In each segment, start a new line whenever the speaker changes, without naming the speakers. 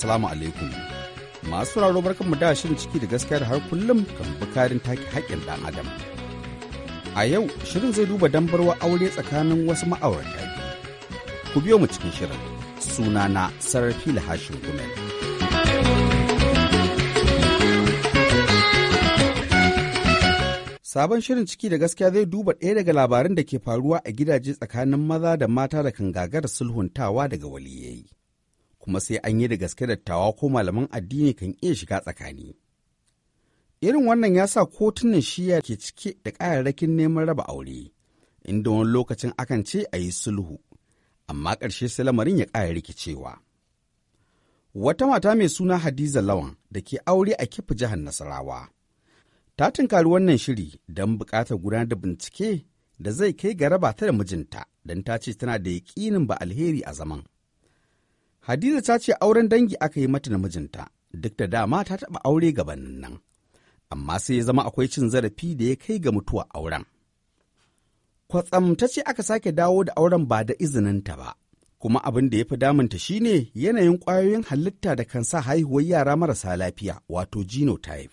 Assalamu alaikum. Masu sauraro barkanmu da shirin ciki da gaskiya da har kullum kan bukarin take haƙƙin ɗan adam. A yau shirin zai duba dambarwa aure tsakanin wasu ma'aurata biyu. Ku biyo mu cikin shirin sunana Sarrafi Lahashin Gumel. Sabon shirin ciki da gaskiya zai duba ɗaya daga labarin da ke faruwa a gidaje tsakanin maza da mata da kan gagara sulhuntawa daga waliyayi. kuma sai an yi da gaske dattawa ko malaman addini kan iya shiga tsakani. Irin wannan ya sa kotunan shiya ke cike da ƙararrakin neman raba aure, inda wani lokacin akan ce a yi sulhu, amma ƙarshe sai lamarin ya ƙara rikicewa. Wata mata mai suna Hadiza Lawan da ke aure a kifi jihar Nasarawa. Ta tunkari wannan shiri don buƙatar gudanar da bincike da zai kai ga raba ta da mijinta don ta ce tana da yaƙinin ba alheri a zaman. Hadiza ta ce auren dangi aka yi mata namijinta duk da dama ta taɓa aure gabanin nan, amma sai ya zama akwai cin zarafi da ya kai ga mutuwa auren. Kwatsam ta ce aka sake dawo da auren ba da izininta ba, kuma abin da ya fi damunta shine yanayin kwayoyin halitta da kan sa haihuwar yara marasa lafiya wato genotype,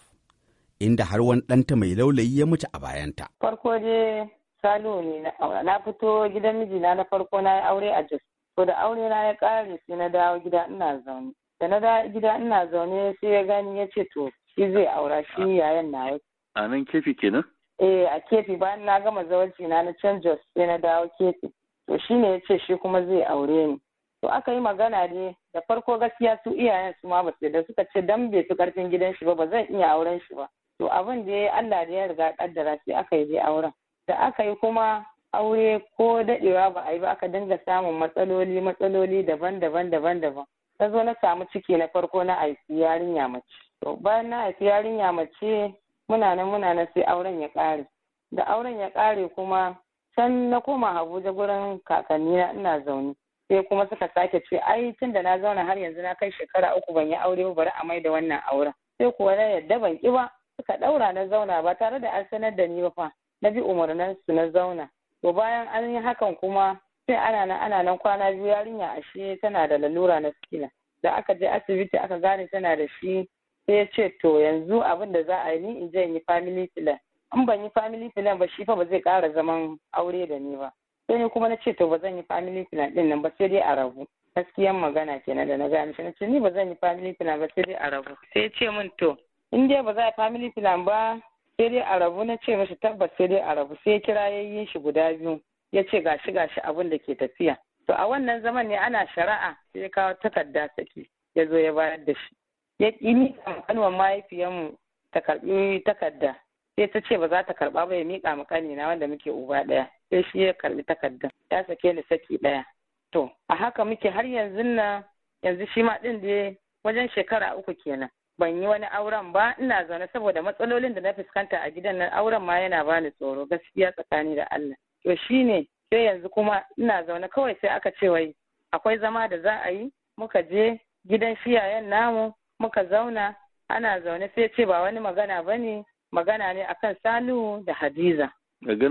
inda har wani ɗanta mai laulayi ya mutu a bayanta.
Farko dai salo ne na fito gidan mijina na farko na aure a Jos. to da aure na ya kare sai na dawo gida ina zaune da na dawo gida ina zaune sai ya gani ya ce to shi zai aura shi yayan na
a nan kefi kenan
eh a kefi bayan na gama zawarci na na can sai na dawo kefi to shi ne ya ce shi kuma zai aure ni to aka yi magana ne da farko gaskiya su iyayen su ma basu da suka ce dan bai su karfin gidan shi ba ba zan iya auren shi ba to abin da ya yi Allah da ya riga kaddara sai aka yi zai auren da aka yi kuma aure ko daɗewa ba a yi ba aka dinga samun matsaloli matsaloli daban-daban daban-daban ta zo na samu ciki na farko na haifi yarinya mace to bayan na haifi yarinya mace muna nan muna nan sai auren ya ƙare da auren ya ƙare kuma can na koma Habuja gurin kakanni na ina zaune sai kuma suka sake ce ai tun da na zauna har yanzu na kai shekara uku ban yi aure ba bari a mai da wannan auren sai kuwa na yadda ban ki ba suka ɗaura na zauna ba tare da an sanar da ni ba fa na bi umarnin na zauna to bayan an yi hakan kuma sai ana nan ana nan kwana biyu yarinya ashe tana da lalura na sikila da aka je asibiti aka gane tana da shi sai ya ce to yanzu abin da za a yi ni in je in yi family plan in ban yi family plan ba shi fa ba zai ƙara zaman aure da ni ba sai ni kuma na ce to ba zan yi family plan din nan ba sai dai a rabu gaskiyan magana kenan da na gane shi na ce ni ba zan yi family plan ba sai dai a rabu sai ya ce min to in dai ba za a family plan ba sai dai a rabu na ce mashi tabbas sai dai a rabu sai ya kira yayin shi guda biyu ya ce gashi gashi abin da ke tafiya to a wannan zaman ne ana shari'a sai ya kawo takarda saki ya zo ya bayar da shi ya ƙi miƙa mahaifiyarmu ta karɓi takarda sai ta ce ba za ta karɓa ba ya miƙa mu na wanda muke uba ɗaya sai shi ya karbi takardar ya sake ni saki ɗaya to a haka muke har yanzu na yanzu shi ma ɗin da wajen shekara uku kenan ban yi wani auren ba ina zaune saboda matsalolin da na fuskanta a gidan nan auren ma yana bani tsoro gaskiya tsakani da Allah to shine sai yanzu kuma ina zaune kawai sai aka ce wai akwai zama da za a yi muka je gidan shiyayen namu muka zauna ana zaune sai ce ba wani magana bane magana ne akan Salihu da Hadiza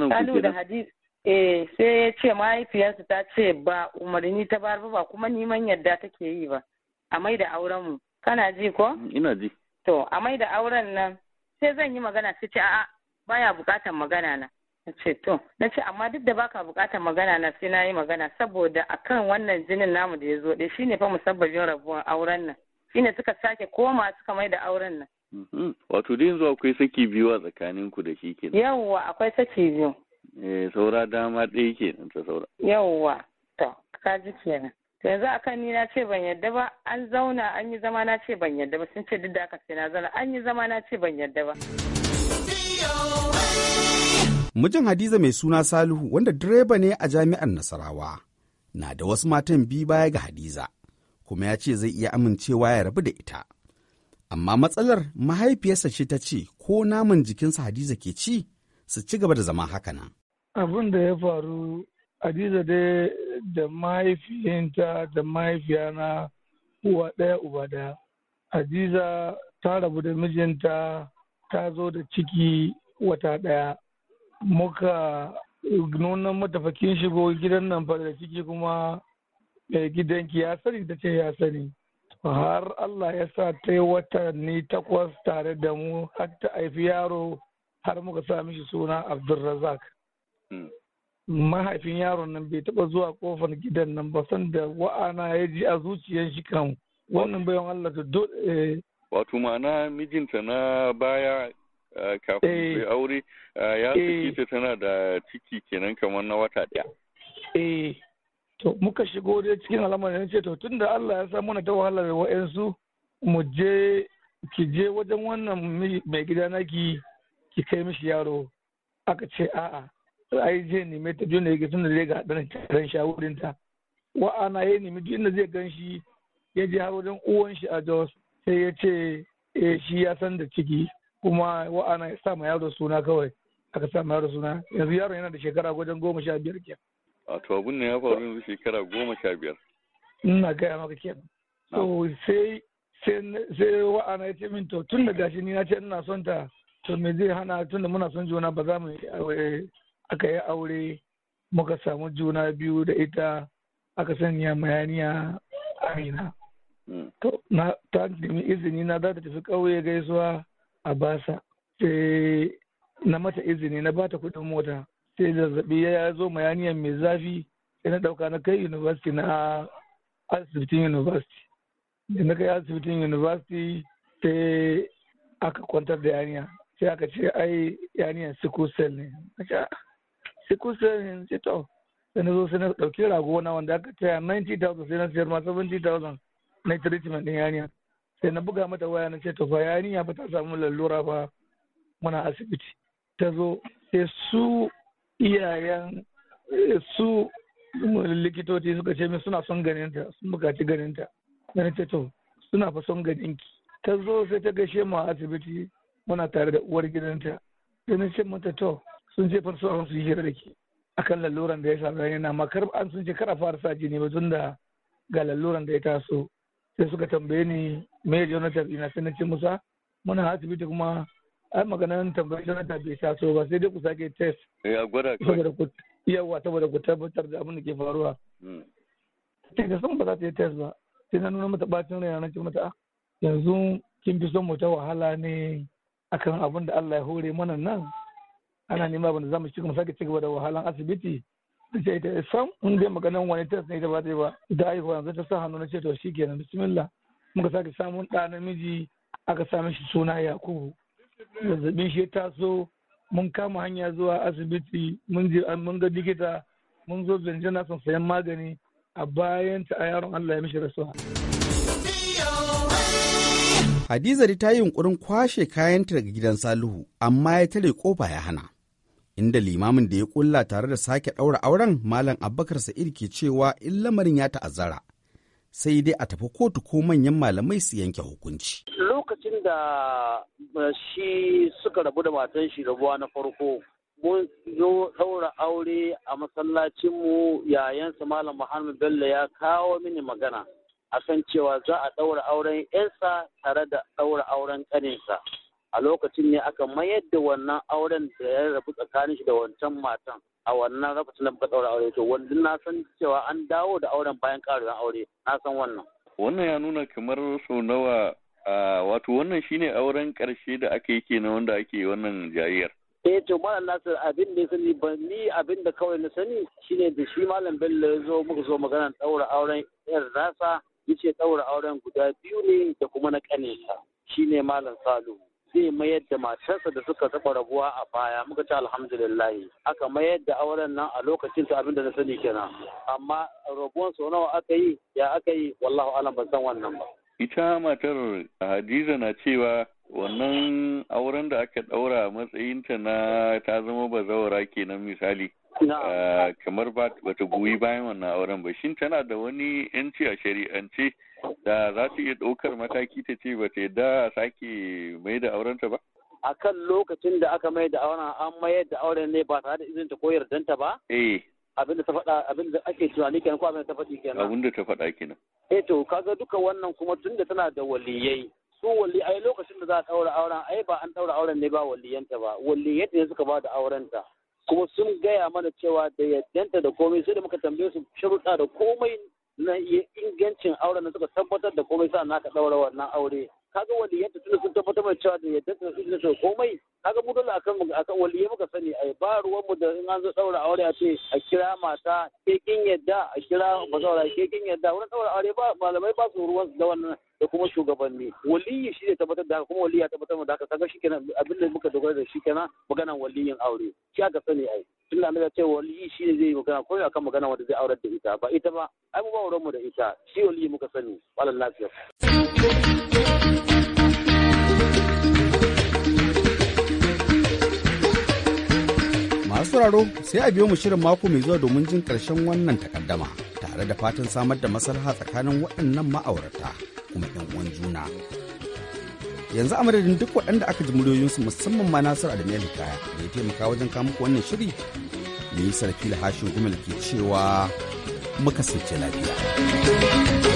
Salu da Hadiza eh sai ya ce mahaifiyarsa ta ce ba umarni ta bar ba kuma niman yadda take yi ba a mai da auren mu kana ji ko ina ji to a mai da auren nan sai zan yi magana su ce a'a baya bukatar magana na na ce to na ce amma duk da baka bukatar magana na sai na yi magana saboda akan wannan jinin namu da ya zo ɗaya shine fa musabbabin rabuwar auren nan shine suka sake koma suka mai da auren nan
mm-hmm. Wato da yanzu akwai saki biyu a tsakanin ku da shi ke
Yawwa akwai saki biyu.
Eh saura dama ɗaya ke nan ta
saura. Yawwa to ka ji kenan. yanzu kan ni na ce ban yadda ba an zauna an yi zama na ce ban yadda ba sun ce duk da aka sai na zauna an yi zama na ce ban yadda ba
mijin hadiza mai suna salihu wanda direba ne a jami'ar nasarawa na da wasu matan bi baya ga hadiza kuma ya ce zai iya amincewa ya rabu da ita amma matsalar mahaifiyarsa ce ta ce ko naman jikinsa hadiza ke ci su ci gaba da zama haka nan
abin da ya faru hadiza dai da mahaifiyanta da mahaifiyana uwa ɗaya uba ɗaya hadiza ta rabu da mijinta ta zo da ciki wata ɗaya muka nuna matafakin shigo gidan nan fa da ciki kuma mai gidanki ya sani ta ce ya sani har Allah ya sa ta yi watanni takwas tare da mu har ta haifi yaro har muka sa mishi suna Abdulrazak. Hmm. mahaifin yaron nan bai taba zuwa kofar gidan nan ba sanda wa'ana ya ji a zuciyar shi kan wannan bayan Allah ta dole eh.
wato ma'ana mijinta na baya eh, kafin sai eh. aure ya saki ta tana da ciki kenan kamar na wata daya
eh to muka shigo dai cikin al'amarin ce to tunda Allah ya sa mana ta wahala da wa'ansu mu je ki je wajen wannan mai gida na ki ki kai mishi yaro aka ce a'a ai zai nemi ta juna yake suna zai ga ɗan ran shawurin ta wa ana ya nemi duk inda zai gan shi ya je har wajen uwan shi a Jos sai ya ce eh shi ya san da ciki kuma wa ana ya sa ma yaro suna kawai aka sa ma yaro suna yanzu yaron yana da shekara wajen goma sha biyar
kenan to abun ne ya faru yanzu shekara goma sha biyar
ina gaya maka kenan so sai sai wa'ana ya ce min to tun da gashi ni na ce ina son ta to me zai hana tun da muna son juna ba za mu aka yi aure muka samu juna biyu da ita aka sanya mayaniya amina mm. to na ta nemi izini na za ta tafi ƙauye gaisuwa a basa sai na mata izini na bata kuɗin mota sai zazzabi ya zo yaniya mai zafi sai na ɗauka na kai university na asibitin university da na kai asibitin university sai aka kwantar da yaniya sai aka ce ai yaniya sickle cell ne sai ko sai ce to sai na zo sai na dauki rago na wanda aka taya 90,000 sai na sayar ma 70,000 na treatment din yaniya sai na buga mata waya na ce to fa yaniya ba ta samu lallura fa muna asibiti ta zo sai su iyayen su likitoci suka ce min suna son ganinta sun bukaci ganinta na ce to suna fa son ganinki ta zo sai ta gashe mu a asibiti muna tare da uwar gidanta sai na ce mata to sun ce farsuwa su yi da ke akan laluran da ya sami rani na makar an sun ce kar a fara sa jini ba da ga laluran da ya taso sai suka tambaye ni me Jonathan ina sai na ce musa muna asibiti kuma ai maganar tambayi Jonathan bai taso ba sai dai ku sake test ya eh, gwada yawa saboda ku tabbatar da abin da ke faruwa hmm. sai da ba za ta yi test ba sai na nuna mata bacin rai na ce mata ah, yanzu kin fi son mu ta wahala ne akan abin da Allah ya hore mana nan ana nema ba za mu ci sake ci gaba da wahalan asibiti da ce ita san mun dai maganan wani test ne ita ba ta yi ba da haihuwa yanzu ta sa hannu na ce to nan, bismillah muka sake samun ɗa namiji aka same shi suna yakubu zazzabin shi ya taso mun kama hanya zuwa asibiti mun je mun ga likita mun zo zanje na son sayan magani a bayan ta a yaron Allah ya mishi rasuwa.
Hadizari ta yi yunkurin kwashe kayanta daga gidan Salihu amma ya tare kofa ya hana. inda limamin da ya kulla tare da sake ɗaura auren malam abubakar sa'id ke cewa in lamarin ya ta'azzara sai dai a tafi kotu ko manyan malamai su yanke hukunci.
Lokacin da shi suka rabu da matan shi rabuwa na farko mun zo ɗaura aure a masallacinmu yayansa malam Muhammad Bello ya kawo mini magana akan cewa za a ɗaura auren 'yansa tare da ɗaura auren ƙaninsa. a lokacin ne aka mayar da wannan auren da ya rabu tsakanin shi da wancan matan a wannan lokacin da muka ɗaura aure to wanda na san cewa an dawo da auren bayan ƙarin aure na san wannan
wannan ya nuna kamar sau nawa wato wannan shine auren ƙarshe da aka yi kenan wanda ake wannan
jariyar eh to malam nasir abin da ya sani ba ni abin da kawai na sani shine da shi malam bello ya zo muka zo magana ɗaura auren yar rasa yace ɗaura auren guda biyu ne da kuma na kanesa shine malam salu zai mayar da matarsa da suka taɓa rabuwa a baya muka ce alhamdulillahi aka mayar da auren nan a lokacin ta abinda na sani kenan amma rabuwan sau nawa aka yi ya aka yi wallahu alam ban san wannan ba
ita matar hadiza na cewa wannan auren da aka ɗaura matsayinta na ta zama bazawara kenan misali Eh, kamar ba ta goyi bayan wannan auren ba shin tana da wani yanci a shari'ance da za ta iya ɗaukar mataki ta ce ba ta yadda a sake mai da aurenta ba?
a kan lokacin da aka mai da auren an mayar da auren ne ba tare da izin ta ko yardanta ba? eh abinda ta faɗa abinda ake tunani kenan ko abinda ta faɗi kenan
abinda ta faɗa kenan
eh to kaga duka wannan kuma tunda tana da waliyai su wali ai lokacin da za a ɗaura auren ai ba an ɗaura auren ne ba waliyanta ba waliyai ne suka ba da aurenta kuma sun gaya mana cewa da yaddanta da komai sai da muka tambaye su shirka da komai na ingancin auren da suka tabbatar da komai sa naka daura wannan aure kaga waliyanta tunda sun tabbatar mana cewa da yaddanta da ingancin komai kaga mu dole akan akan waliyai muka sani ai ba ruwan mu da in an zo ɗaura aure a ce a kira mata ke kin yadda a kira mazaura ke kin yadda wani ɗaura aure ba malamai ba su ruwan da wannan kuma shugabanni waliyi shi ne tabbatar da kuma waliyi ya tabbatar da haka kaga kenan abin da muka dogara da shi kenan magana waliyin aure shi aka sani ai tun da ce waliyi shi ne zai yi magana ko akan magana wanda zai aurar da ita ba ita ba ai mu ba auren mu da ita shi waliyi muka sani wallahi lafiya
masu sauraro sai a biyo mu shirin mako mai zuwa domin jin karshen wannan takaddama tare da fatan samar da maslaha tsakanin waɗannan ma'aurata. kuma 'yan uwan juna yanzu a madadin duk waɗanda aka ji muryoyinsu musamman ma nasiru adamu hikaya da ya taimaka wajen muku wannan shiri ni sarki hashin gumel ke cewa muka sace lafiya